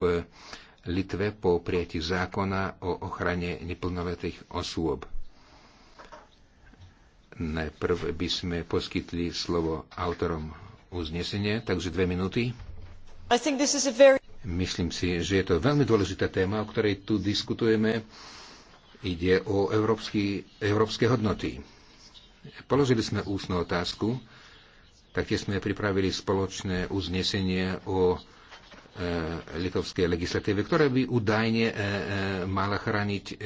v Litve po prijatí zákona o ochrane neplnoletých osôb. Najprv by sme poskytli slovo autorom uznesenia, takže dve minúty. Very... Myslím si, že je to veľmi dôležitá téma, o ktorej tu diskutujeme. Ide o európsky, európske hodnoty. Položili sme ústnu otázku, taktiež sme pripravili spoločné uznesenie o E, litovskej legislatíve, ktorá by údajne e, e, mala chrániť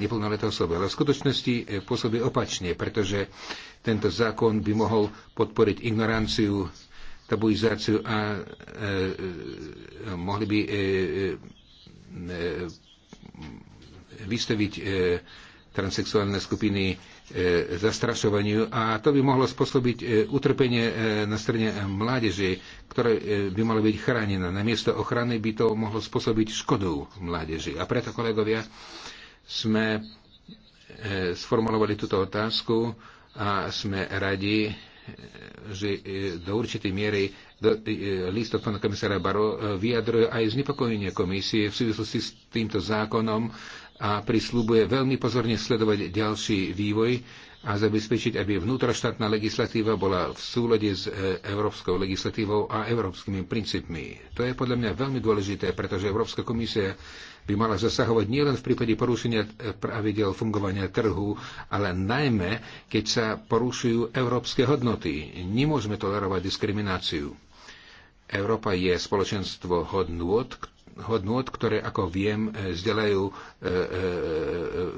neplnoleté osoby. Ale v skutočnosti pôsobí opačne, pretože tento zákon by mohol podporiť ignoranciu, tabuizáciu a mohli by vystaviť transsexuálne skupiny E, zastrašovaniu a to by mohlo spôsobiť e, utrpenie e, na strane mládeže, ktoré by malo byť chránené. Namiesto ochrany by to mohlo spôsobiť škodu mládeži. A preto, kolegovia, sme sformulovali túto otázku a sme radi, že do určitej miery do, list od pána komisára Baro vyjadruje aj znepokojenie komisie v súvislosti s týmto zákonom, a prislúbuje veľmi pozorne sledovať ďalší vývoj a zabezpečiť, aby vnútroštátna legislatíva bola v súlade s e, európskou legislatívou a európskymi princípmi. To je podľa mňa veľmi dôležité, pretože Európska komisia by mala zasahovať nielen v prípade porušenia e, pravidel fungovania trhu, ale najmä, keď sa porušujú európske hodnoty. Nemôžeme tolerovať diskrimináciu. Európa je spoločenstvo hodnôt, hodnot, ktoré, ako viem, e, zdelajú e, e,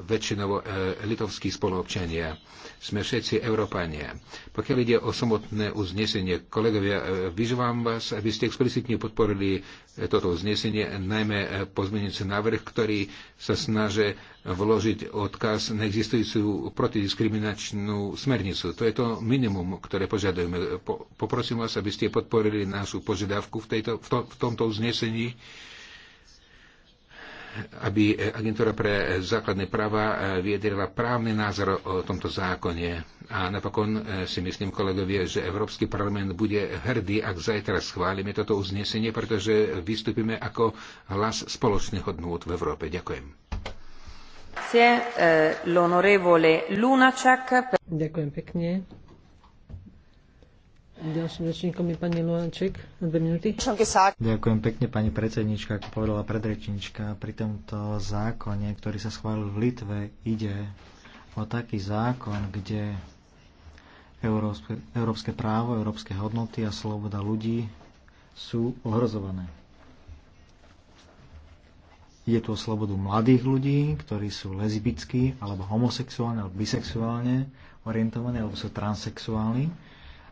väčšinovo litovskí spoluobčania. Sme všetci Európania. Pokiaľ ide o samotné uznesenie, kolegovia, vyzývam vás, aby ste explicitne podporili toto uznesenie, najmä pozmenujúci návrh, ktorý sa snaží vložiť odkaz na existujúcu protidiskriminačnú smernicu. To je to minimum, ktoré požiadujeme. Poprosím vás, aby ste podporili našu požiadavku v, tejto, v, to, v tomto uznesení aby agentúra pre základné práva eh, vyjadrila právny názor o tomto zákone. A napokon eh, si myslím, kolegovia, že Európsky parlament bude hrdý, ak zajtra schválime toto uznesenie, pretože vystúpime ako hlas spoločných hodnôt v Európe. Ďakujem. Eh, Ďakujem pekne. Ďalším rečníkom je pani Luanček na dve minúty. Ďakujem pekne pani predsednička, ako povedala predrečnička. Pri tomto zákone, ktorý sa schválil v Litve, ide o taký zákon, kde európske, európske právo, európske hodnoty a sloboda ľudí sú ohrozované. Ide tu o slobodu mladých ľudí, ktorí sú lesbickí, alebo homosexuálne, alebo bisexuálne orientovaní, alebo sú transexuálni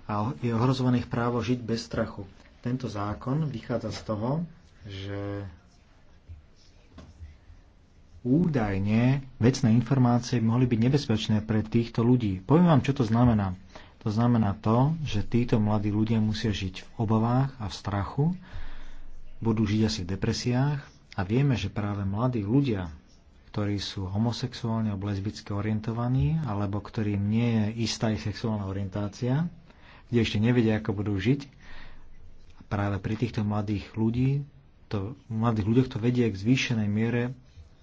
a je ohrozovaných právo žiť bez strachu. Tento zákon vychádza z toho, že údajne vecné informácie by mohli byť nebezpečné pre týchto ľudí. Poviem vám, čo to znamená. To znamená to, že títo mladí ľudia musia žiť v obavách a v strachu, budú žiť asi v depresiách a vieme, že práve mladí ľudia, ktorí sú homosexuálne alebo lesbicky orientovaní, alebo ktorým nie je istá ich sexuálna orientácia, kde ešte nevedia, ako budú žiť. A práve pri týchto mladých ľudí, to, mladých ľuďoch to vedie k zvýšenej miere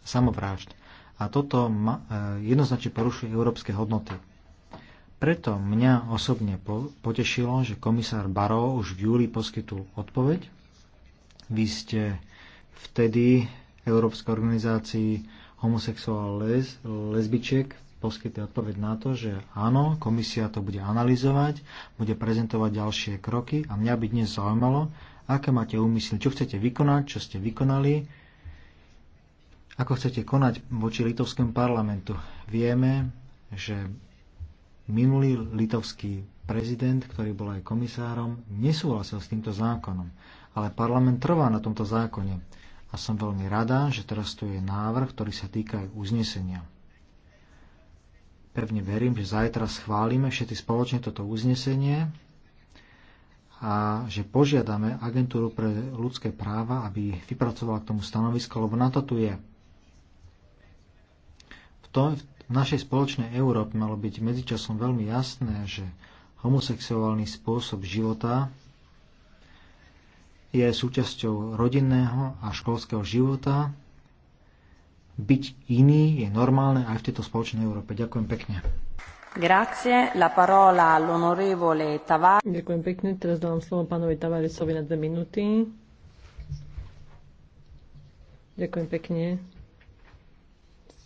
samovrážd. A toto ma, e, jednoznačne porušuje európske hodnoty. Preto mňa osobne potešilo, že komisár Barov už v júli poskytul odpoveď. Vy ste vtedy Európskej organizácii homosexuál les, lesbičiek poskytli odpoveď na to, že áno, komisia to bude analyzovať, bude prezentovať ďalšie kroky a mňa by dnes zaujímalo, aké máte úmysly, čo chcete vykonať, čo ste vykonali, ako chcete konať voči litovskému parlamentu. Vieme, že minulý litovský prezident, ktorý bol aj komisárom, nesúhlasil s týmto zákonom, ale parlament trvá na tomto zákone a som veľmi rada, že teraz tu je návrh, ktorý sa týka aj uznesenia pevne verím, že zajtra schválime všetci spoločne toto uznesenie a že požiadame agentúru pre ľudské práva, aby vypracovala k tomu stanovisko, lebo na to tu je. V, tom, v našej spoločnej Európe malo byť medzičasom veľmi jasné, že homosexuálny spôsob života je súčasťou rodinného a školského života byť iný je normálne aj v tejto spoločnej Európe. Ďakujem pekne. Grazie, la parola all'onorevole Tavares. Ďakujem pekne, teraz dávam slovo pánovi Tavaresovi na dve minúty. Ďakujem pekne,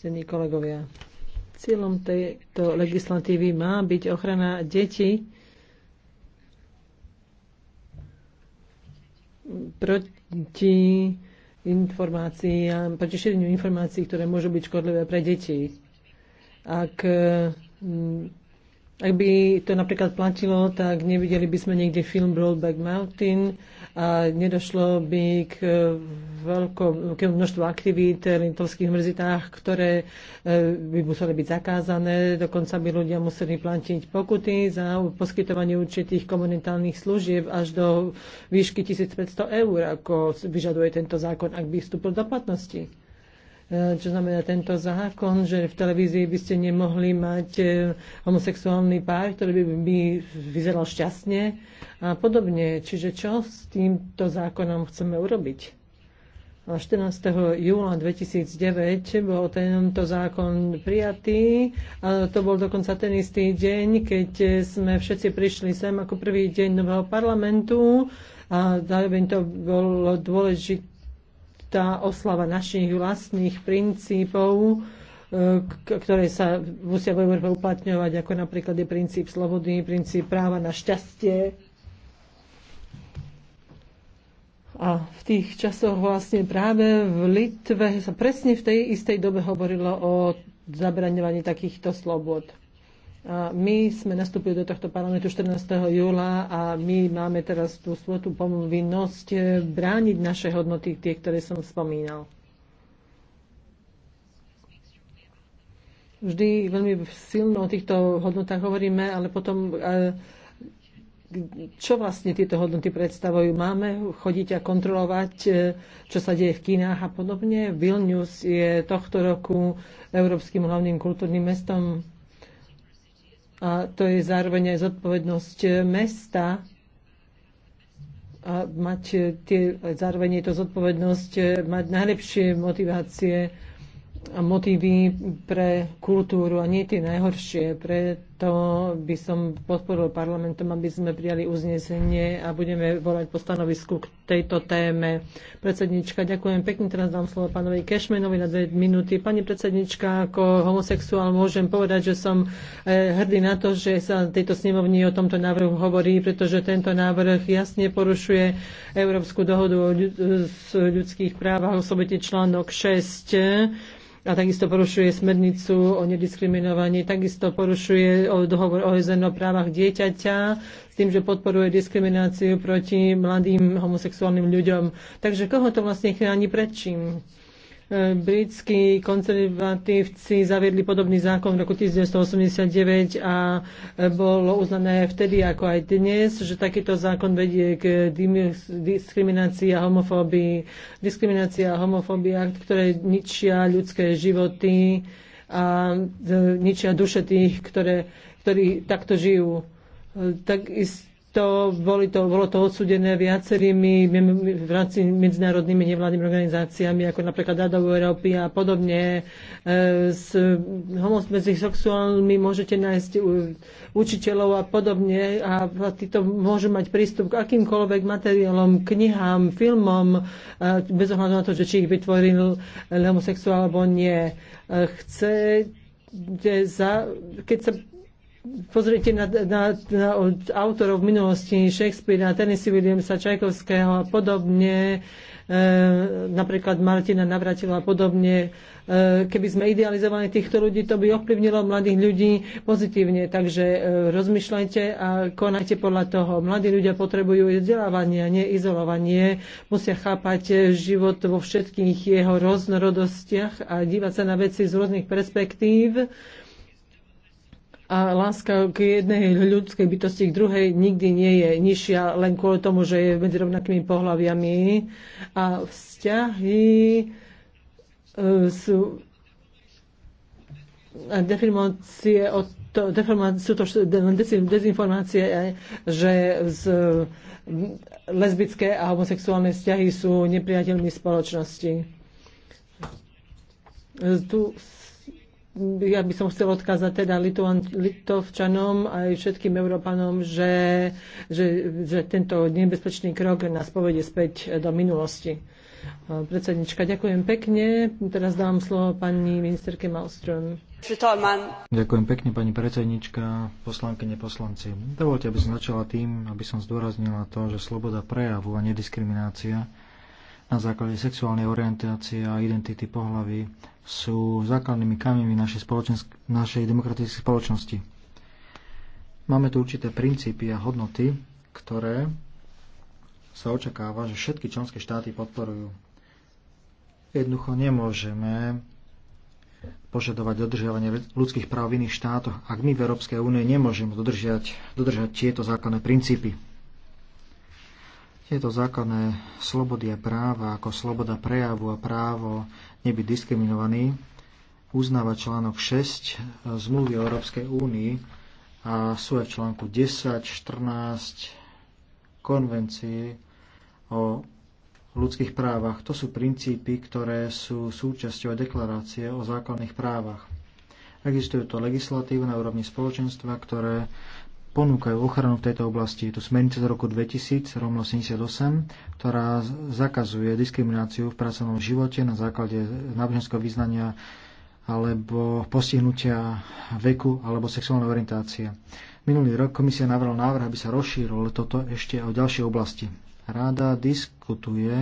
cení kolegovia. Cieľom tejto legislatívy má byť ochrana detí proti informácií a proti šíreniu informácií, ktoré môžu byť škodlivé pre deti. Ak mm, ak by to napríklad platilo, tak nevideli by sme niekde film Broadback Mountain a nedošlo by k e, veľkom množstvu aktivít v lintovských mrzitách, ktoré e, by museli byť zakázané. Dokonca by ľudia museli platiť pokuty za poskytovanie určitých komunitálnych služieb až do výšky 1500 eur, ako vyžaduje tento zákon, ak by vstúpil do platnosti. E, čo znamená tento zákon, že v televízii by ste nemohli mať e, homosexuálny pár, ktorý by, by vyzeral šťastne a podobne. Čiže čo s týmto zákonom chceme urobiť? 14. júla 2009 bol tento zákon prijatý a to bol dokonca ten istý deň, keď sme všetci prišli sem ako prvý deň nového parlamentu a zároveň to bolo dôležité tá oslava našich vlastných princípov, e, ktoré sa musia v Európe uplatňovať, ako napríklad je princíp slobody, princíp práva na šťastie. A v tých časoch vlastne práve v Litve sa presne v tej istej dobe hovorilo o zabraňovaní takýchto slobod. My sme nastúpili do tohto parlamentu 14. júla a my máme teraz tú svoju povinnosť brániť naše hodnoty, tie, ktoré som spomínal. Vždy veľmi silno o týchto hodnotách hovoríme, ale potom čo vlastne tieto hodnoty predstavujú. Máme chodiť a kontrolovať, e, čo sa deje v Kínách a podobne. Vilnius je tohto roku európskym hlavným kultúrnym mestom a to je zároveň aj zodpovednosť eh, mesta a mať eh, tie, zároveň je to zodpovednosť eh, mať najlepšie motivácie a motívy pre kultúru a nie tie najhoršie, pre to by som podporil parlamentom, aby sme prijali uznesenie a budeme volať po stanovisku k tejto téme. Predsednička, ďakujem pekne. Teraz dám slovo pánovi Kešmenovi na dve minúty. Pani predsednička, ako homosexuál môžem povedať, že som eh, hrdý na to, že sa tejto snemovni o tomto návrhu hovorí, pretože tento návrh jasne porušuje Európsku dohodu o eh, ľudských právach, osobite článok 6 a takisto porušuje smernicu o nediskriminovaní, takisto porušuje dohovor OSN o právach dieťaťa s tým, že podporuje diskrimináciu proti mladým homosexuálnym ľuďom. Takže koho to vlastne chráni pred čím? E, britskí konzervatívci zaviedli podobný zákon v roku 1989 a e, bolo uznané vtedy ako aj dnes, že takýto zákon vedie k diskriminácii a homofóbii. Diskriminácia a homofóbia, ktoré ničia ľudské životy a e, ničia duše tých, ktoré, ktorí takto žijú. Takisto to, boli to, bolo to odsudené viacerými v rámci medzinárodnými nevládnymi organizáciami, ako napríklad Rada Európy a podobne. E, s homos sexuálmi môžete nájsť učiteľov a podobne a títo môžu mať prístup k akýmkoľvek materiálom, knihám, filmom, e, bez ohľadu na to, že či ich vytvoril homosexuál alebo nie. E, Chce za, keď sa pozrite na, na, na od autorov v minulosti Shakespearea, Tennessee Williamsa, Čajkovského a podobne, e, napríklad Martina Navratila a podobne. E, keby sme idealizovali týchto ľudí, to by ovplyvnilo mladých ľudí pozitívne. Takže e, rozmýšľajte a konajte podľa toho. Mladí ľudia potrebujú vzdelávanie a nie izolovanie. Musia chápať život vo všetkých jeho rôznorodostiach a dívať sa na veci z rôznych perspektív a láska k jednej ľudskej bytosti k druhej nikdy nie je nižšia len kvôli tomu, že je medzi rovnakými pohľaviami a vzťahy e, sú a deformácie od to, sú to dezinformácie, e, že z, lesbické a homosexuálne vzťahy sú nepriateľmi spoločnosti. E, tu ja by som chcel odkázať teda Lituan, Litovčanom aj všetkým Európanom, že, že, že tento nebezpečný krok nás povede späť do minulosti. Predsednička, ďakujem pekne. Teraz dám slovo pani ministerke Malström. Ďakujem pekne, pani predsednička, poslankyne, poslanci. Dovolte, aby som začala tým, aby som zdôraznila to, že sloboda prejavu a nediskriminácia na základe sexuálnej orientácie a identity pohlavy sú základnými kameňmi našej, našej demokratickej spoločnosti. Máme tu určité princípy a hodnoty, ktoré sa očakáva, že všetky členské štáty podporujú. Jednoducho nemôžeme požadovať dodržiavanie ľudských práv v iných štátoch, ak my v Európskej únie nemôžeme dodržiať, dodržať tieto základné princípy. Tieto základné slobody a práva, ako sloboda prejavu a právo nebyť diskriminovaný, uznáva článok 6 e, zmluvy o Európskej únii a sú aj v článku 10, 14 konvencii o ľudských právach. To sú princípy, ktoré sú súčasťou deklarácie o základných právach. Existujú to legislatívne na úrovni spoločenstva, ktoré ponúkajú ochranu v tejto oblasti. Je to smernica z roku 2000, rovno 78, ktorá zakazuje diskrimináciu v pracovnom živote na základe náboženského vyznania alebo postihnutia veku alebo sexuálnej orientácie. Minulý rok komisia navrhla návrh, aby sa rozšírilo toto ešte o ďalšie oblasti. Ráda diskutuje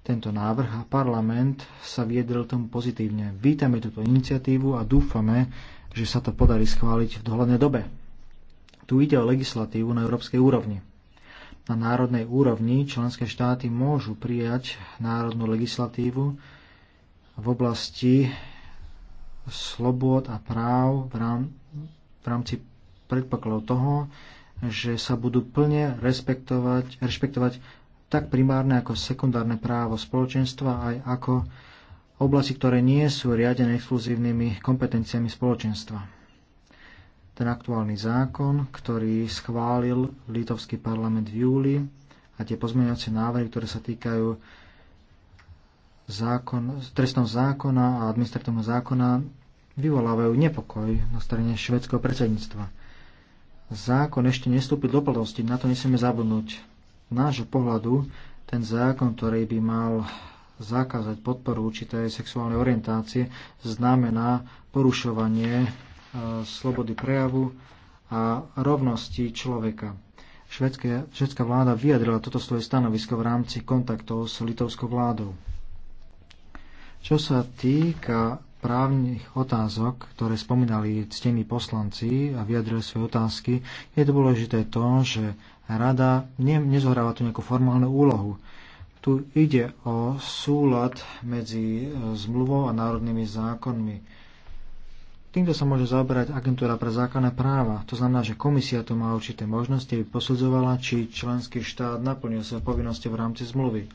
tento návrh a parlament sa viedril tomu pozitívne. Vítame túto iniciatívu a dúfame, že sa to podarí schváliť v dohľadnej dobe. Tu ide o legislatívu na európskej úrovni. Na národnej úrovni členské štáty môžu prijať národnú legislatívu v oblasti slobod a práv v, rámci predpokladov toho, že sa budú plne respektovať, rešpektovať tak primárne ako sekundárne právo spoločenstva aj ako oblasti, ktoré nie sú riadené exkluzívnymi kompetenciami spoločenstva ten aktuálny zákon, ktorý schválil litovský parlament v júli a tie pozmeňovacie návrhy, ktoré sa týkajú zákon, trestného zákona a administratívneho zákona, vyvolávajú nepokoj na strane švedského predsedníctva. Zákon ešte nestúpi do plnosti, na to nesmieme zabudnúť. Z nášho pohľadu ten zákon, ktorý by mal zakázať podporu určitej sexuálnej orientácie, znamená porušovanie slobody prejavu a rovnosti človeka. Švedské, švedská vláda vyjadrila toto svoje stanovisko v rámci kontaktov s litovskou vládou. Čo sa týka právnych otázok, ktoré spomínali ctení poslanci a vyjadrili svoje otázky, je dôležité to, že rada ne, nezohráva tu nejakú formálnu úlohu. Tu ide o súlad medzi e, zmluvou a národnými zákonmi. Týmto sa môže zaoberať agentúra pre základné práva. To znamená, že komisia tu má určité možnosti, aby posudzovala, či členský štát naplnil svoje povinnosti v rámci zmluvy.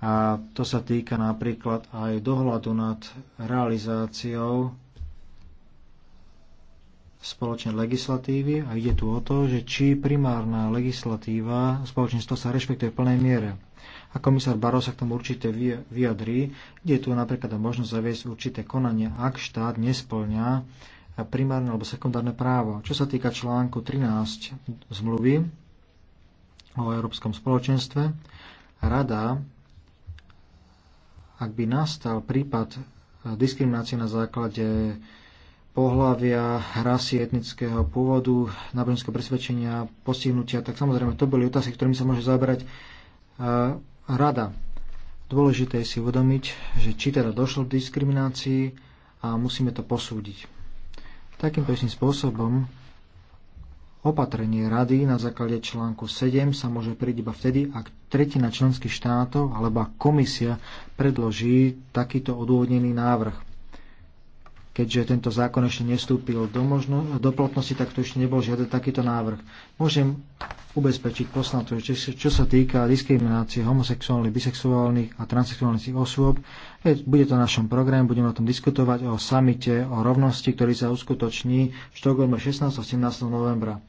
A to sa týka napríklad aj dohľadu nad realizáciou spoločnej legislatívy a ide tu o to, že či primárna legislatíva spoločenstva sa rešpektuje v plnej miere a komisár Barov sa k tomu určite vyjadrí, kde je tu napríklad možnosť zaviesť určité konanie, ak štát nesplňa primárne alebo sekundárne právo. Čo sa týka článku 13 zmluvy o Európskom spoločenstve, rada, ak by nastal prípad diskriminácie na základe pohľavia, rasy, etnického pôvodu, náboženského presvedčenia, postihnutia, tak samozrejme to boli otázky, ktorými sa môže zaberať. Eh, rada. Dôležité je si uvedomiť, že či teda došlo k diskriminácii a musíme to posúdiť. Takýmto istým spôsobom opatrenie rady na základe článku 7 sa môže prieť iba vtedy, ak tretina členských štátov alebo komisia predloží takýto odôvodnený návrh keďže tento zákon ešte nestúpil do, možno, do platnosti, tak tu ešte nebol žiaden takýto návrh. Môžem ubezpečiť poslancov, že čo, čo sa týka diskriminácie homosexuálnych, bisexuálnych a transexuálnych osôb, je, bude to v našom programe, budeme o tom diskutovať o samite o rovnosti, ktorý sa uskutoční v Štokholme 16. a 17. novembra.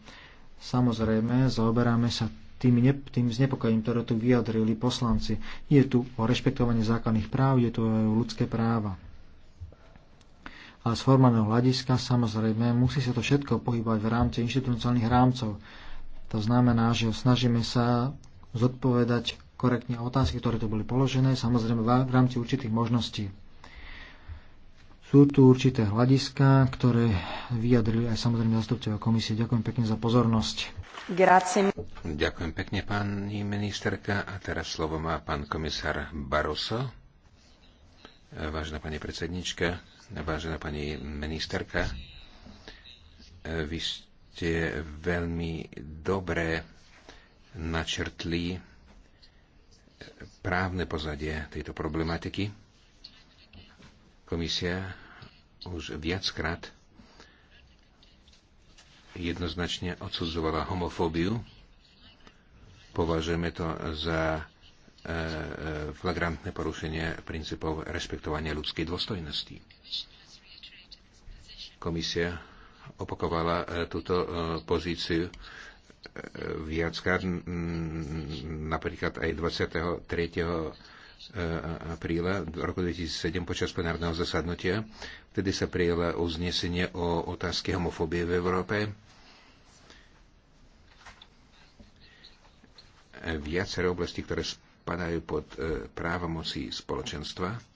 Samozrejme, zaoberáme sa tým, ne, tým znepokojením, ktoré tu vyjadrili poslanci. Je tu o rešpektovanie základných práv, je tu o ľudské práva ale z formálneho hľadiska samozrejme musí sa to všetko pohybať v rámci inštitucionálnych rámcov. To znamená, že snažíme sa zodpovedať korektne otázky, ktoré tu boli položené, samozrejme v rámci určitých možností. Sú tu určité hľadiska, ktoré vyjadrili aj samozrejme zastupcovia komisie. Ďakujem pekne za pozornosť. Grazie. Ďakujem pekne, pani ministerka. A teraz slovo má pán komisár Baroso. Vážna pani predsednička, vážená pani ministerka. E, vy ste veľmi dobre načrtli právne pozadie tejto problematiky. Komisia už viackrát jednoznačne odsudzovala homofóbiu. Považujeme to za e, e, flagrantné porušenie princípov rešpektovania ľudskej dôstojnosti. Komisia opakovala e, túto e, pozíciu e, viackrát, napríklad aj 23. apríla roku 2007 počas plenárneho zasadnutia. Vtedy sa prijela uznesenie o otázke homofóbie v Európe. Viacero oblastí, ktoré spadajú pod právomocí spoločenstva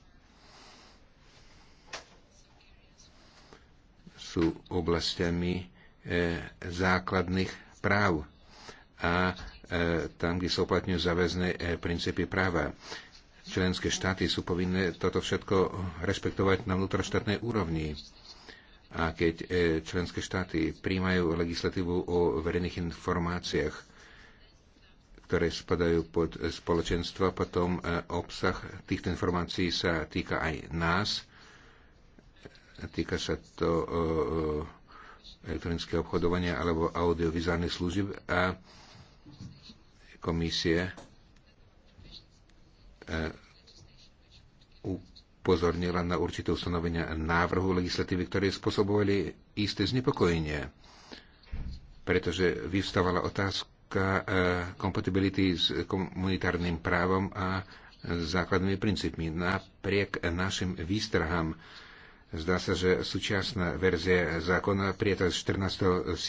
sú oblastiami e, základných práv a e, tam, kde sa uplatňujú záväzné e, princípy práva. Členské štáty sú povinné toto všetko rešpektovať na vnútroštátnej úrovni. A keď členské štáty príjmajú legislatívu o verejných informáciách, ktoré spadajú pod spoločenstva, potom obsah týchto informácií sa týka aj nás, Týka sa to e, e, elektronického obchodovania alebo audiovizuálnych služieb a komisie e, upozornila na určité ustanovenia návrhu legislatívy, ktoré spôsobovali isté znepokojenie, pretože vyvstávala otázka kompatibility s komunitárnym právom a základnými princípmi. Napriek našim výstrahám Zdá sa, že súčasná verzia zákona prijatá z 14.7.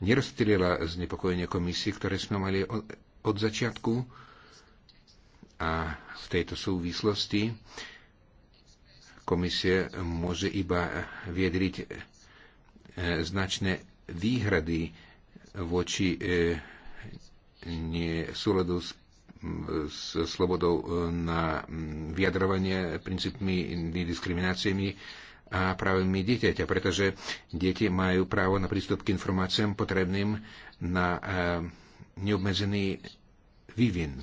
nerozptýlila znepokojenie komisie, ktoré sme mali od začiatku a v tejto súvislosti komisie môže iba viedriť e, značné výhrady voči e, nesúladu s s slobodou e, na vyjadrovanie princípmi diskrimináciami a právami dieťaťa, pretože deti majú právo na prístup k informáciám potrebným na e, neobmedzený vývin.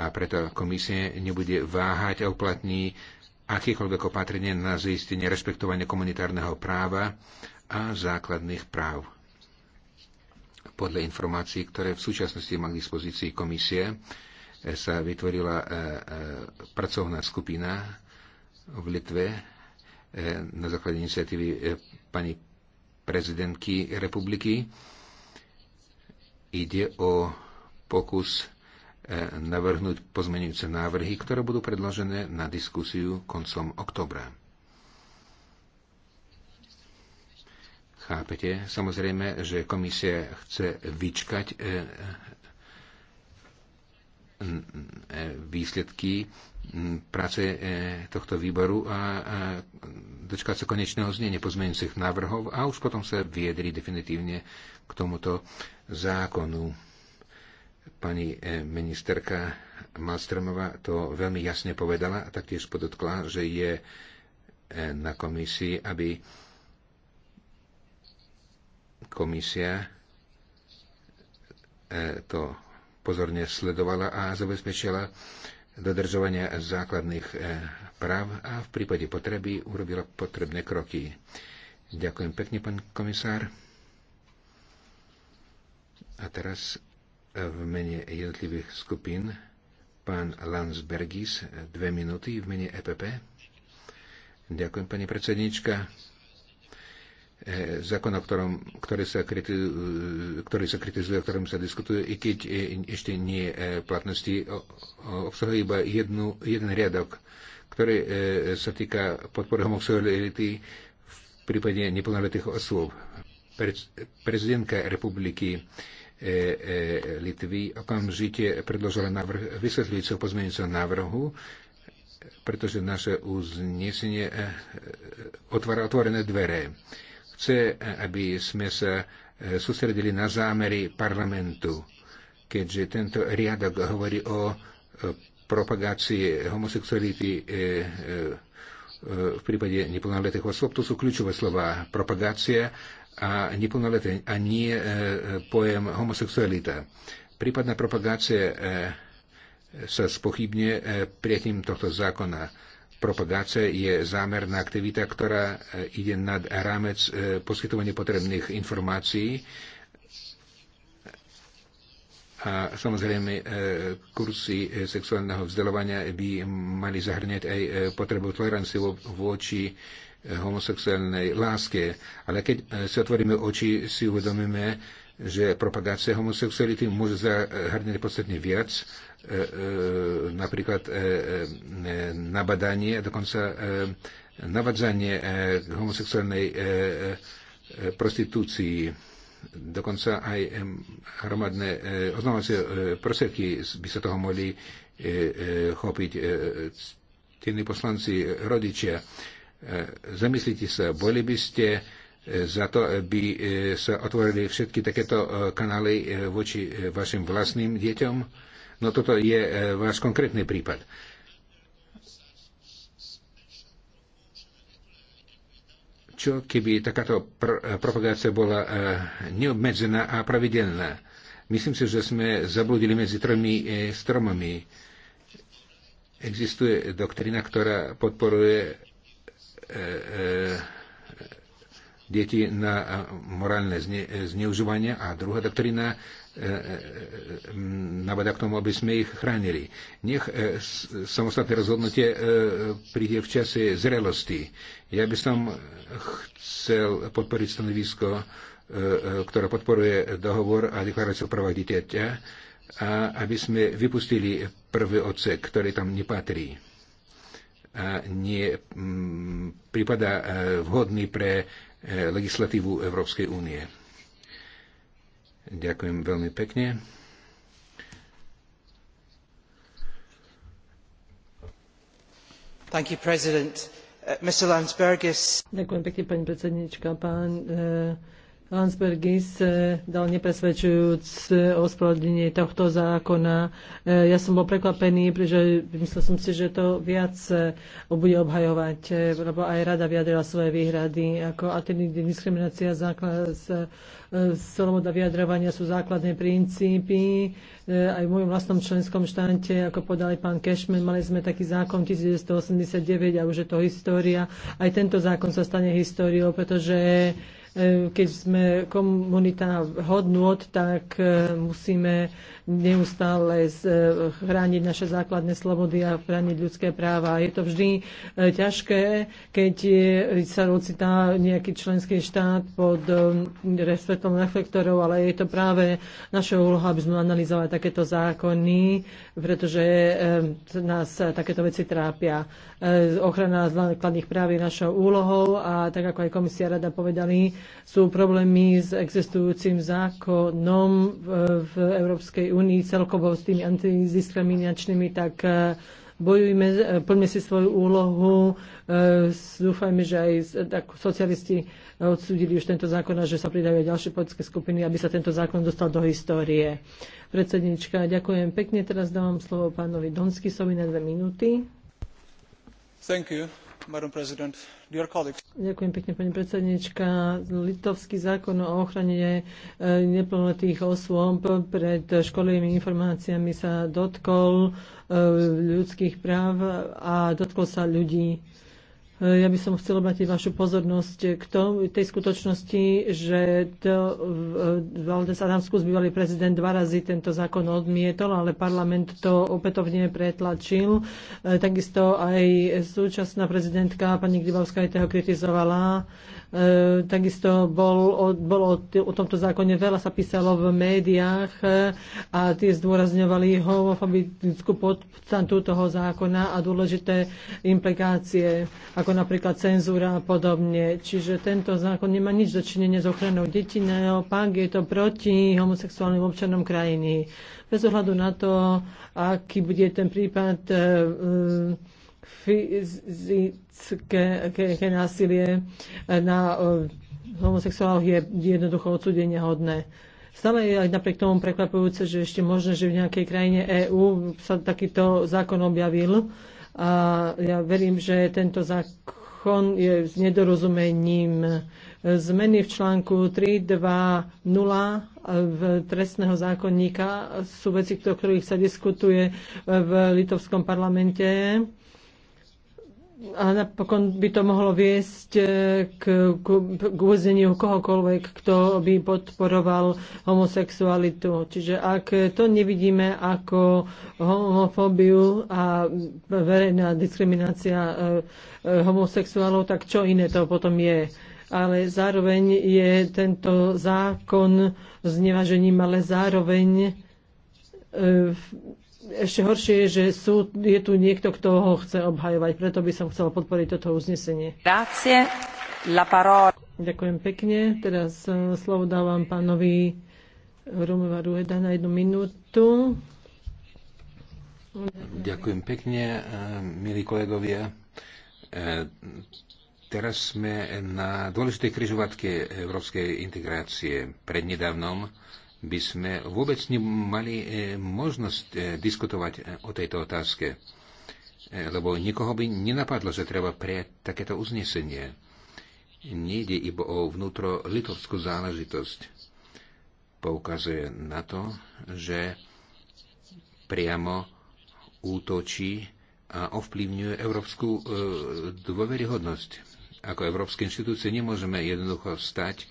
A preto komisie nebude váhať a uplatní akékoľvek opatrenie na zistenie rešpektovania komunitárneho práva a základných práv. Podľa informácií, ktoré v súčasnosti má k dispozícii komisie, E, sa vytvorila e, e, pracovná skupina v Litve na základe iniciatívy pani prezidentky republiky. Ide o pokus navrhnúť pozmenujúce návrhy, ktoré budú predložené na diskusiu koncom oktobra. Chápete? Samozrejme, že komisia chce vyčkať Mm, mm, mm, e, výsledky práce e, tohto výboru a dočkať sa konečného znenia pozmeňujúcich návrhov a už potom sa viedri definitívne k tomuto zákonu. Pani e, ministerka Malstromová to veľmi jasne povedala a taktiež podotkla, že je na komisii, aby komisia to pozorne sledovala a zabezpečila dodržovania základných e, práv a v prípade potreby urobila potrebné kroky. Ďakujem pekne, pán komisár. A teraz v mene jednotlivých skupín pán Landsbergis, dve minúty v mene EPP. Ďakujem, pani predsednička. Eh, zákon, o ktorom, ktorý, sa kritizu, eh, ktorý sa kritizuje, o ktorom sa diskutuje, i keď eh, ešte nie platnosti, obsahuje iba jednu, jeden riadok, ktorý sa týka podpory homosexuality v prípade neplnoletých osôb. Prezidentka republiky Litvy okamžite predložila návrh vysvetľujúceho pozmeňujúceho návrhu, pretože naše uznesenie otvára otvorené dvere chce, aby sme sa e, sústredili na zámery parlamentu, keďže tento riadok hovorí o e, propagácii homosexuality e, v prípade neplnoletých osôb. To sú kľúčové slova. Propagácia a neplnoleté a nie pojem homosexualita. Prípadná propagácia sa spochybne prijatím tohto zákona Propagácia je zámerná aktivita, ktorá e, ide nad rámec e, poskytovania potrebných informácií a samozrejme e, kursy sexuálneho vzdelávania by mali zahrňať aj potrebu tolerancie voči homosexuálnej láske. Ale keď si otvoríme oči, si uvedomíme, že propagácia homosexuality môže zahrňať podstatne viac, e, e, napríklad e, nabadanie, dokonca navadzanie k homosexuálnej prostitúcii, dokonca aj hromadné oznamovacie prostriedky by sa toho mohli chopiť tení poslanci, rodičia. Zamyslite sa, boli by ste za to, aby eh, eh, sa otvorili všetky takéto eh, kanály voči vašim vlastným deťom? No toto je váš konkrétny prípad. Čo keby takáto pr- propagácia bola neobmedzená a pravidelná? Myslím si, že sme zabludili medzi tromi stromami. Existuje doktrina, ktorá podporuje e, e, deti na eh, morálne eh, zneužívanie a druhá doktrína eh, mm, nabada k tomu, aby sme ich chránili. Nech samostatné rozhodnutie príde v čase zrelosti. Ja by som chcel podporiť stanovisko, ktoré podporuje dohovor a deklaráciu o právach dieťaťa, a aby sme vypustili prvý odsek, ktorý tam nepatrí a nie mm, pripada vhodný pre Eh, legislatívu Európskej únie. Ďakujem veľmi pekne. Thank you, President. Uh, Mr. Landsbergis. Ďakujem pekne, pani predsednička. Pán eh, Landsbergis eh, dal nepresvedčujúc ospravedlnenie tohto zákona. Eh, ja som bol prekvapený, pretože myslel som si, že to viac eh, bude obhajovať, lebo aj rada vyjadrila svoje výhrady. Ako diskriminácia základ, sloboda vyjadrovania sú základné princípy. Aj v mojom vlastnom členskom štáte, ako podali pán Kešmen, mali sme taký zákon 1989 a už je to história. Aj tento zákon sa stane históriou, pretože E, keď sme komunita hodnot, tak e, musíme neustále e, chrániť naše základné slobody a chrániť ľudské práva. Je to vždy ťažké, keď sa ocitá nejaký členský štát pod respektom reflektorov, ale je to práve naša úloha, aby sme analyzovali takéto zákony, pretože nás takéto veci trápia. Ochrana základných práv je našou úlohou a tak ako aj komisia rada povedali, sú problémy s existujúcim zákonom v Európskej únii, celkovo s tými antidiskriminačnými, tak e, bojujme, e, plňme si svoju úlohu. E, dúfajme, že aj ako socialisti odsúdili už tento zákon a že sa pridajú aj ďalšie politické skupiny, aby sa tento zákon dostal do histórie. Predsednička, ďakujem pekne. Teraz dávam slovo pánovi Donskisovi na dve minúty. Thank you. Ďakujem pekne, pani Litovský zákon o ochrane e, neplnoletých osôb pred školými informáciami sa dotkol e, ľudských práv a dotkol sa ľudí. Ja by som chcela obrátiť vašu pozornosť k tom, tej skutočnosti, že to Valdes Adamskus, bývalý prezident, dva razy tento zákon odmietol, ale parlament to opätovne pretlačil. E, takisto aj súčasná prezidentka pani Gdybavská aj toho kritizovala E, takisto bol, o, bolo o tomto zákone veľa sa písalo v médiách e, a tie zdôrazňovali homofobickú podstatu toho zákona a dôležité implikácie, ako napríklad cenzúra a podobne. Čiže tento zákon nemá nič dočinenie s ochranou detí, naopak je to proti homosexuálnym občanom krajiny. Bez ohľadu na to, aký bude ten prípad e, e, fyzické násilie e, na e, homosexuálov je jednoducho odsudenia hodné. Stále je aj napriek tomu prekvapujúce, že ešte možno, že v nejakej krajine EÚ sa takýto zákon objavil. A ja verím, že tento zákon je s nedorozumením zmeny v článku 3.2.0 v trestného zákonníka sú veci, o ktorých sa diskutuje v litovskom parlamente a napokon by to mohlo viesť e, k, k, k uväzeniu kohokoľvek, kto by podporoval homosexualitu. Čiže ak to nevidíme ako homofóbiu a verejná diskriminácia e, e, homosexuálov, tak čo iné to potom je? Ale zároveň je tento zákon s nevažením, ale zároveň ešte horšie je, že sú, je tu niekto, kto ho chce obhajovať. Preto by som chcela podporiť toto uznesenie. Grazie. La parola. Ďakujem pekne. Teraz e, slovo dávam pánovi Rumeva Rueda na jednu minútu. Ďakujem pekne, e, milí kolegovia. E, teraz sme na dôležitej križovatke európskej integrácie. Prednedávnom by sme vôbec nemali e, možnosť e, diskutovať e, o tejto otázke, lebo nikoho by nenapadlo, že treba prijať takéto uznesenie. Nejde iba o vnútro litovskú záležitosť. Poukazuje na to, že priamo útočí a ovplyvňuje európsku dôveryhodnosť. Ako európske inštitúcie nemôžeme jednoducho stať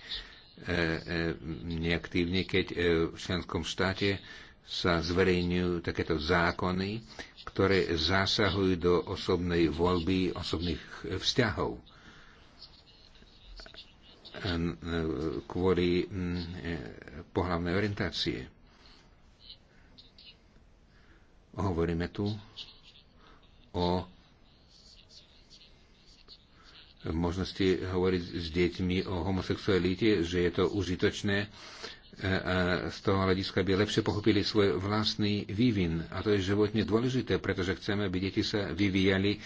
E, e, neaktívni, keď e, v členskom štáte sa zverejňujú takéto zákony, ktoré zásahujú do osobnej voľby, osobných vzťahov kvôli pohľavnej orientácie. Hovoríme tu o možnosti hovoriť s deťmi o homosexualite, že je to užitočné e, a z toho hľadiska by lepšie pochopili svoj vlastný vývin. A to je životne dôležité, pretože chceme, aby deti sa vyvíjali, e,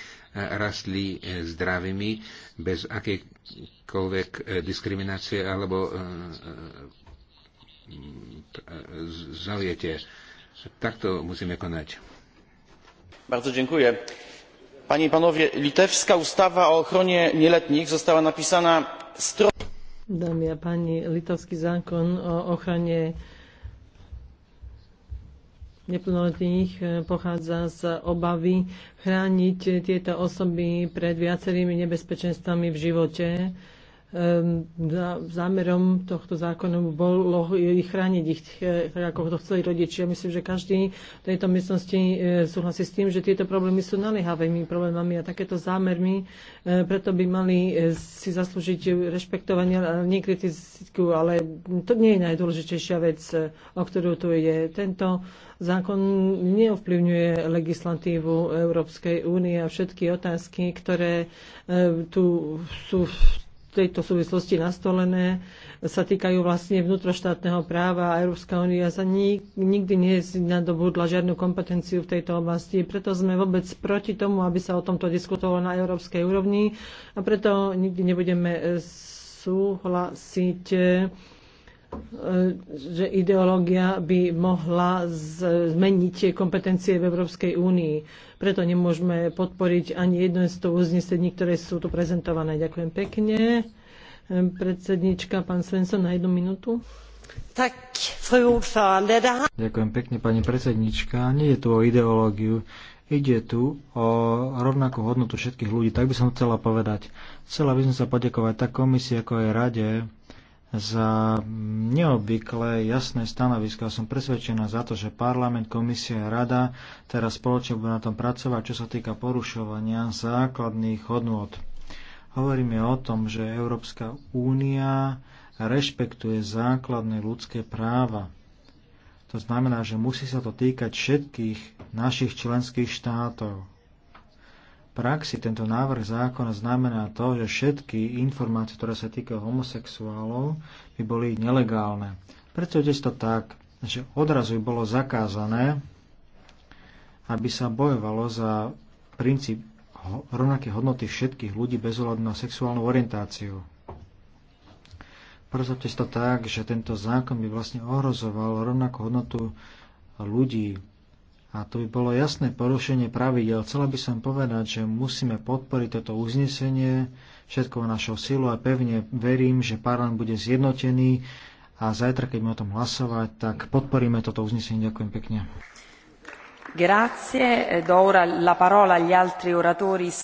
rastli e, zdravými, bez akejkoľvek diskriminácie alebo zaujete. Takto musíme konať. Bardzo dziękuję litewska ustawa o ochronie nieletnich została napisana stronie. Dámy litovský zákon o ochrane neplnoletých e, pochádza z obavy chrániť tieto osoby pred viacerými nebezpečenstvami v živote zámerom tohto zákonu bolo ich chrániť ich, e, ako to chceli rodičia. Ja myslím, že každý v tejto miestnosti e, súhlasí s tým, že tieto problémy sú naliehavými problémami a takéto zámermi e, preto by mali si zaslúžiť rešpektovanie, nie kritiku, ale to nie je najdôležitejšia vec, o ktorú tu je. Tento zákon neovplyvňuje legislatívu Európskej únie a všetky otázky, ktoré tu sú v tejto súvislosti nastolené, sa týkajú vlastne vnútroštátneho práva a Európska únia sa nikdy nie nadobudla žiadnu kompetenciu v tejto oblasti. Preto sme vôbec proti tomu, aby sa o tomto diskutovalo na európskej úrovni a preto nikdy nebudeme súhlasiť že ideológia by mohla zmeniť kompetencie v Európskej únii. Preto nemôžeme podporiť ani jedno z toho uznesení, ktoré sú tu prezentované. Ďakujem pekne. Predsednička, pán Svensson, na jednu minútu. Tak, Ďakujem pekne, pani predsednička. Nie je tu o ideológiu. Ide tu o rovnakú hodnotu všetkých ľudí. Tak by som chcela povedať. Chcela by som sa poďakovať tak komisii, ako aj rade, za neobvyklé jasné stanovisko. Som presvedčená za to, že parlament, komisia a rada teraz spoločne budú na tom pracovať, čo sa týka porušovania základných hodnôt. Hovoríme o tom, že Európska únia rešpektuje základné ľudské práva. To znamená, že musí sa to týkať všetkých našich členských štátov praxi tento návrh zákona znamená to, že všetky informácie, ktoré sa týkajú homosexuálov, by boli nelegálne. Predstavte si to tak, že odrazu bolo zakázané, aby sa bojovalo za princíp rovnaké hodnoty všetkých ľudí bez ohľadu na sexuálnu orientáciu. Predstavte si to tak, že tento zákon by vlastne ohrozoval rovnakú hodnotu ľudí a to by bolo jasné porušenie pravidel. Chcela by som povedať, že musíme podporiť toto uznesenie všetkou našou silou a pevne verím, že parlament bude zjednotený a zajtra, keď budeme o tom hlasovať, tak podporíme toto uznesenie. Ďakujem pekne.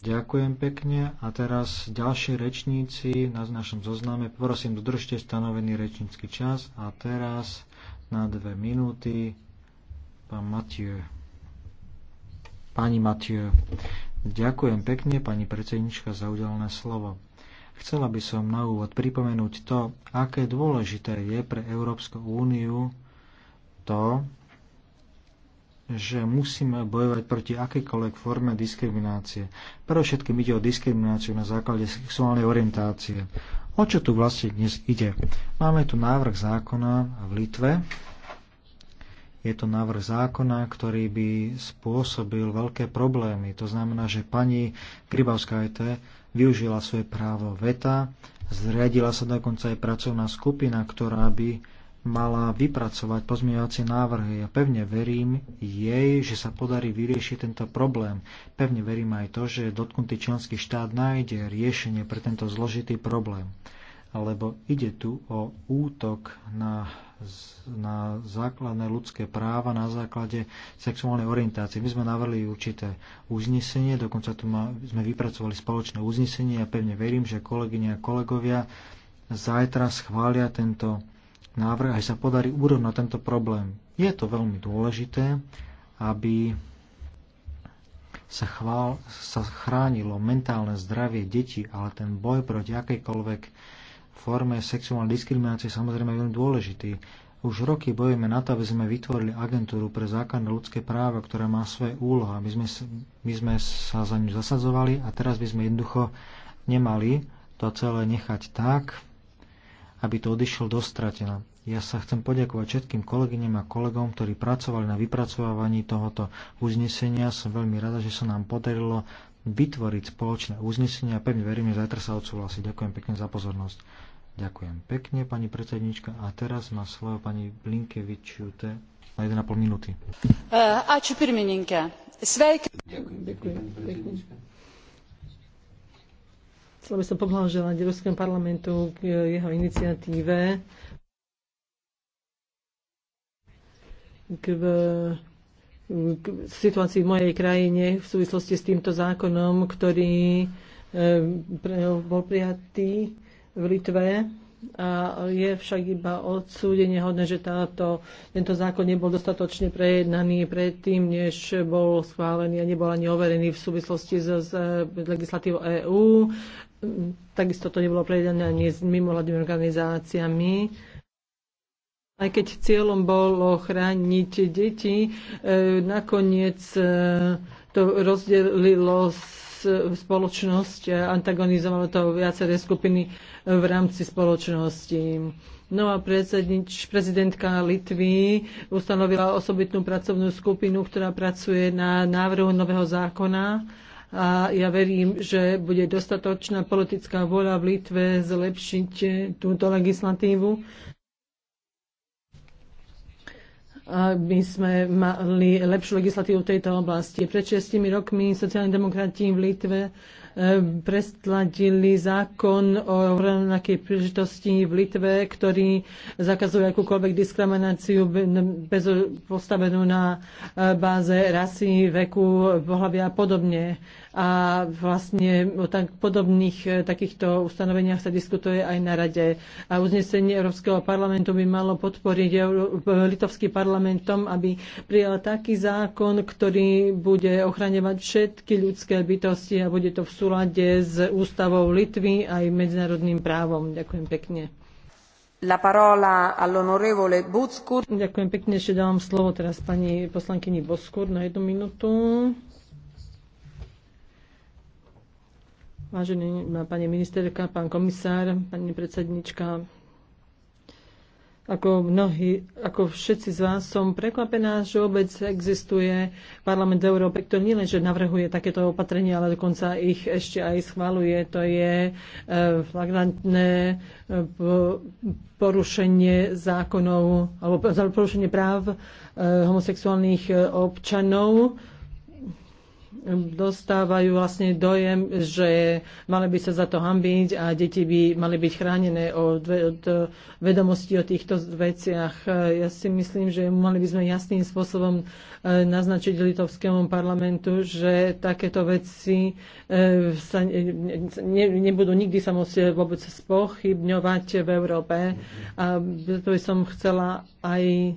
Ďakujem pekne. A teraz ďalší rečníci na našom zozname. Prosím, dodržte stanovený rečnícky čas. A teraz na dve minúty pán Matieu pani Matieu, Ďakujem pekne, pani predsednička, za udelené slovo. Chcela by som na úvod pripomenúť to, aké dôležité je pre Európsku úniu to, že musíme bojovať proti akejkoľvek forme diskriminácie. Pre všetkým ide o diskrimináciu na základe sexuálnej orientácie. O čo tu vlastne dnes ide? Máme tu návrh zákona v Litve, je to návrh zákona, ktorý by spôsobil veľké problémy. To znamená, že pani IT e využila svoje právo veta, zriadila sa dokonca aj pracovná skupina, ktorá by mala vypracovať pozmeňovacie návrhy. Ja pevne verím jej, že sa podarí vyriešiť tento problém. Pevne verím aj to, že dotknutý členský štát nájde riešenie pre tento zložitý problém. Lebo ide tu o útok na na základné ľudské práva na základe sexuálnej orientácie. My sme navrli určité uznesenie, dokonca tu ma, sme vypracovali spoločné uznesenie a ja pevne verím, že kolegyne a kolegovia zajtra schvália tento návrh, a sa podarí urovnať tento problém. Je to veľmi dôležité, aby sa, chvál, sa chránilo mentálne zdravie detí, ale ten boj proti akejkoľvek forme sexuálnej diskriminácie samozrejme je veľmi dôležitý. Už roky bojujeme na to, aby sme vytvorili agentúru pre základné ľudské práva, ktorá má svoje úloha. My sme, my sme sa za ňu zasadzovali a teraz by sme jednoducho nemali to celé nechať tak, aby to odišlo do stratená. Ja sa chcem poďakovať všetkým kolegyňam a kolegom, ktorí pracovali na vypracovávaní tohoto uznesenia. Som veľmi rada, že sa nám podarilo vytvoriť spoločné uznesenie a pevne verím, že zajtra sa odsúhlasí. Ďakujem pekne za pozornosť. Ďakujem pekne, pani predsednička. A teraz má slovo pani Blinkevičiute na 1,5 minúty. Eh, ačiū pirmininkė. Svej... Ďakujem pekne, Chcel by som poblahoželať Európskom parlamentu k jeho iniciatíve k, k situácii v mojej krajine v súvislosti s týmto zákonom, ktorý eh, bol prijatý v Litve a je však iba odsúdenie hodné, že táto, tento zákon nebol dostatočne prejednaný predtým, než bol schválený a nebol ani overený v súvislosti s, s legislatívou EÚ. Takisto to nebolo prejednané ani s mimovládnymi organizáciami. Aj keď cieľom bolo chrániť deti, e, nakoniec e, to rozdelilo spoločnosť, antagonizovalo to viaceré skupiny v rámci spoločnosti. No a prezidentka Litvy ustanovila osobitnú pracovnú skupinu, ktorá pracuje na návrhu nového zákona a ja verím, že bude dostatočná politická vôľa v Litve zlepšiť túto legislatívu aby sme mali lepšiu legislatívu v tejto oblasti. Pred šestimi rokmi sociálni demokrati v Litve e, prestladili zákon o rovnakej príležitosti v Litve, ktorý zakazuje akúkoľvek diskrimináciu bez postavenú na e, báze rasy, veku, pohľavia a podobne a vlastne o tak podobných e, takýchto ustanoveniach sa diskutuje aj na Rade. A uznesenie Európskeho parlamentu by malo podporiť e, litovský parlament tom, aby prijal taký zákon, ktorý bude ochraňovať všetky ľudské bytosti a bude to v súlade s ústavou Litvy aj medzinárodným právom. Ďakujem pekne. La parola all'onorevole Buzkur. Ďakujem pekne, že dávam slovo teraz pani poslankyni Boskur na jednu minútu. Vážený pani ministerka, pán komisár, pani predsednička, ako mnohí, ako všetci z vás som prekvapená, že vôbec existuje parlament Európy, ktorý nie že navrhuje takéto opatrenia, ale dokonca ich ešte aj schvaluje. To je e, flagrantné e, porušenie zákonov alebo porušenie práv e, homosexuálnych občanov dostávajú vlastne dojem, že mali by sa za to hambiť a deti by mali byť chránené od, od vedomosti o týchto veciach. Ja si myslím, že mali by sme jasným spôsobom e, naznačiť litovskému parlamentu, že takéto veci e, sa ne, nebudú nikdy sa musieť vôbec spochybňovať v Európe. A to by som chcela aj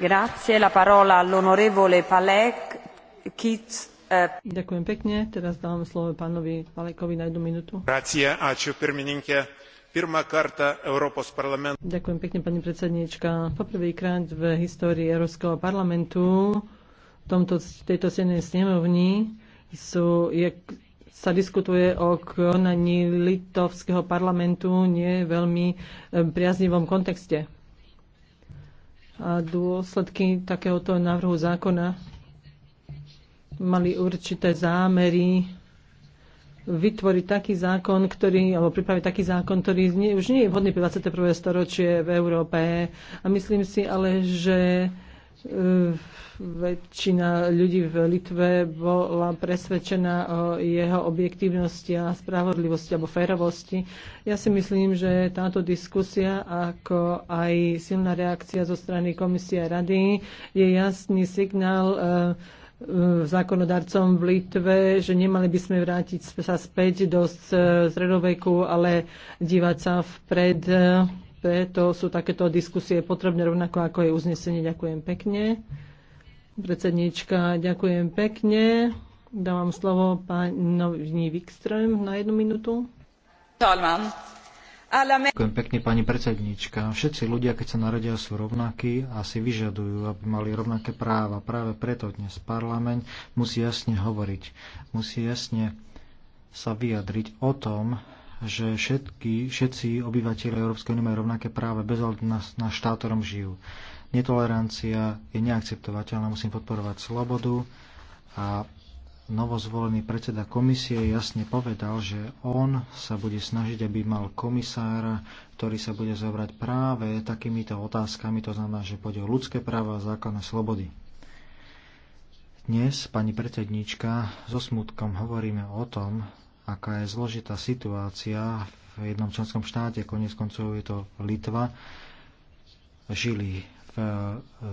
Grazie, la eh, Ďakujem pekne, teraz slovo pánovi Palekovi na jednu minútu. Ďakujem pekne, pani predsedníčka. v histórii Európskeho parlamentu v tomto, tejto stenej snemovni sú, je, sa diskutuje o konaní litovského parlamentu nie veľmi eh, priaznivom kontexte a dôsledky takéhoto návrhu zákona mali určité zámery vytvoriť taký zákon, ktorý, alebo pripraviť taký zákon, ktorý už nie je vhodný pre 21. storočie v Európe. A myslím si ale, že Ehm, väčšina ľudí v Litve bola presvedčená o jeho objektívnosti a spravodlivosti alebo férovosti. Ja si myslím, že táto diskusia, ako aj silná reakcia zo strany komisie a rady, je jasný signál ehm, zákonodarcom v Litve, že nemali by sme vrátiť sa späť do stredoveku, ale dívať sa vpred preto sú takéto diskusie potrebné rovnako ako je uznesenie. Ďakujem pekne. Predsednička, ďakujem pekne. Dávam slovo pani Wikström na jednu minútu. Ďakujem pekne, pani predsednička. Všetci ľudia, keď sa narodia, sú rovnakí a si vyžadujú, aby mali rovnaké práva. Práve preto dnes parlament musí jasne hovoriť. Musí jasne sa vyjadriť o tom, že všetky, všetci obyvateľe Európskej únie majú rovnaké práva bez ohľadu na, na štát, ktorom žijú. Netolerancia je neakceptovateľná, musím podporovať slobodu a novozvolený predseda komisie jasne povedal, že on sa bude snažiť, aby mal komisára, ktorý sa bude zobrať práve takýmito otázkami, to znamená, že pôjde o ľudské práva a základné slobody. Dnes, pani predsedníčka, so smutkom hovoríme o tom, aká je zložitá situácia v jednom členskom štáte, konec koncov je to Litva, žili v e,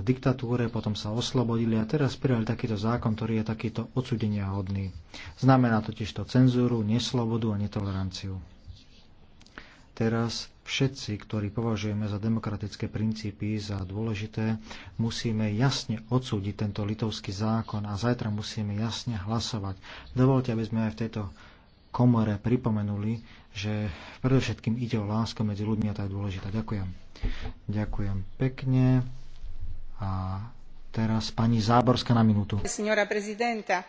diktatúre, potom sa oslobodili a teraz prijali takýto zákon, ktorý je takýto odsudenia hodný. Znamená totiž to cenzúru, neslobodu a netoleranciu. Teraz všetci, ktorí považujeme za demokratické princípy, za dôležité, musíme jasne odsúdiť tento litovský zákon a zajtra musíme jasne hlasovať. Dovolte, aby sme aj v tejto komore pripomenuli, že predovšetkým ide o lásku medzi ľuďmi a tá je dôležitá. Ďakujem. Ďakujem pekne. A teraz pani Záborská na minútu. Signora prezidenta,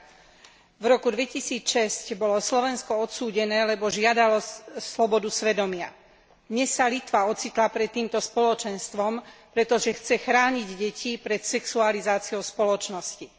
v roku 2006 bolo Slovensko odsúdené, lebo žiadalo slobodu svedomia. Dnes sa Litva ocitla pred týmto spoločenstvom, pretože chce chrániť deti pred sexualizáciou spoločnosti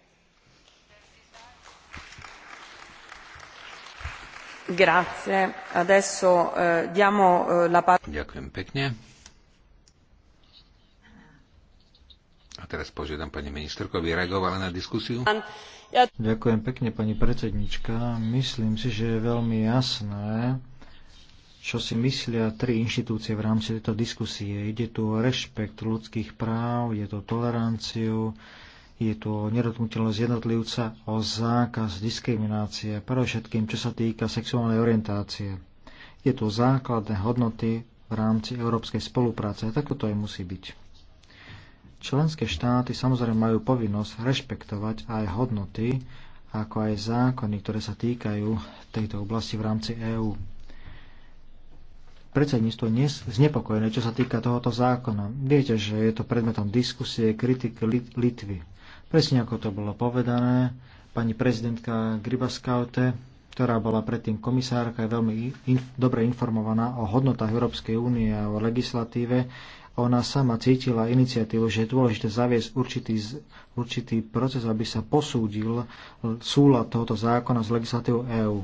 Adesso, eh, diamo, eh, la... Ďakujem pekne. A teraz požiadam pani ministerko, aby reagovala na diskusiu. Ďakujem pekne, pani predsednička. Myslím si, že je veľmi jasné, čo si myslia tri inštitúcie v rámci tejto diskusie. Ide tu o rešpekt ľudských práv, je to toleranciu, je tu o nedotknutelnosť jednotlivca, o zákaz diskriminácie, predovšetkým čo sa týka sexuálnej orientácie. Je tu základné hodnoty v rámci európskej spolupráce a takto to aj musí byť. Členské štáty samozrejme majú povinnosť rešpektovať aj hodnoty, ako aj zákony, ktoré sa týkajú tejto oblasti v rámci EÚ. Predsedníctvo je znepokojené, čo sa týka tohoto zákona. Viete, že je to predmetom diskusie, kritiky Litvy Presne ako to bolo povedané, pani prezidentka Gribaskaute, ktorá bola predtým komisárka, je veľmi in, dobre informovaná o hodnotách Európskej únie a o legislatíve. Ona sama cítila iniciatívu, že je dôležité zaviesť určitý, určitý proces, aby sa posúdil súlad tohoto zákona s legislatívou EÚ.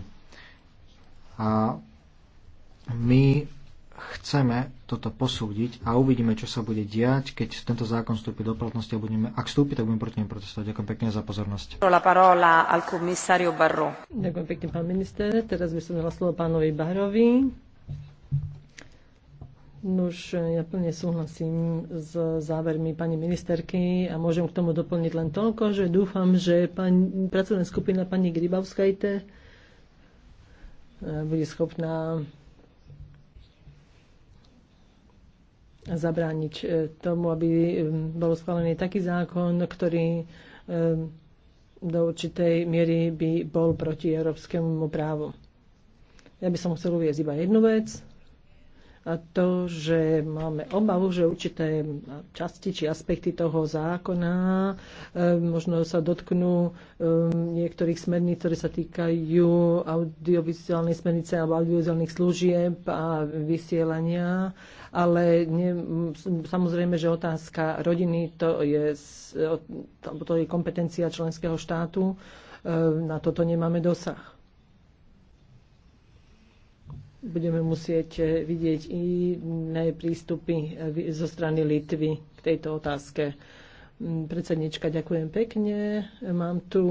A my chceme toto posúdiť a uvidíme, čo sa bude diať, keď tento zákon vstúpi do platnosti a budeme, ak vstúpi, tak budeme proti nemu protestovať. Ďakujem pekne za pozornosť. Ďakujem pekne, pán minister. Teraz by som dala slovo pánovi Barovi. Nuž, ja plne súhlasím s závermi pani ministerky a môžem k tomu doplniť len toľko, že dúfam, že pani, pracovná skupina pani Grybavskajte eh, bude schopná zabrániť e, tomu, aby e, bol schválený taký zákon, ktorý e, do určitej miery by bol proti európskemu právu. Ja by som chcel uvieť iba jednu vec to, že máme obavu, že určité časti či aspekty toho zákona e, možno sa dotknú e, niektorých smerníc, ktoré sa týkajú audiovizuálnej smernice alebo audiovizuálnych služieb a vysielania, ale ne, samozrejme, že otázka rodiny to je, to je kompetencia členského štátu, e, na toto nemáme dosah budeme musieť eh, vidieť iné prístupy eh, zo strany Litvy k tejto otázke. Mm, predsednička, ďakujem pekne. Mám tu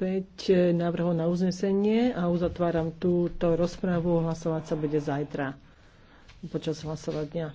5 eh, návrhov na uznesenie a uzatváram túto rozprávu. Hlasovať sa bude zajtra počas hlasovania.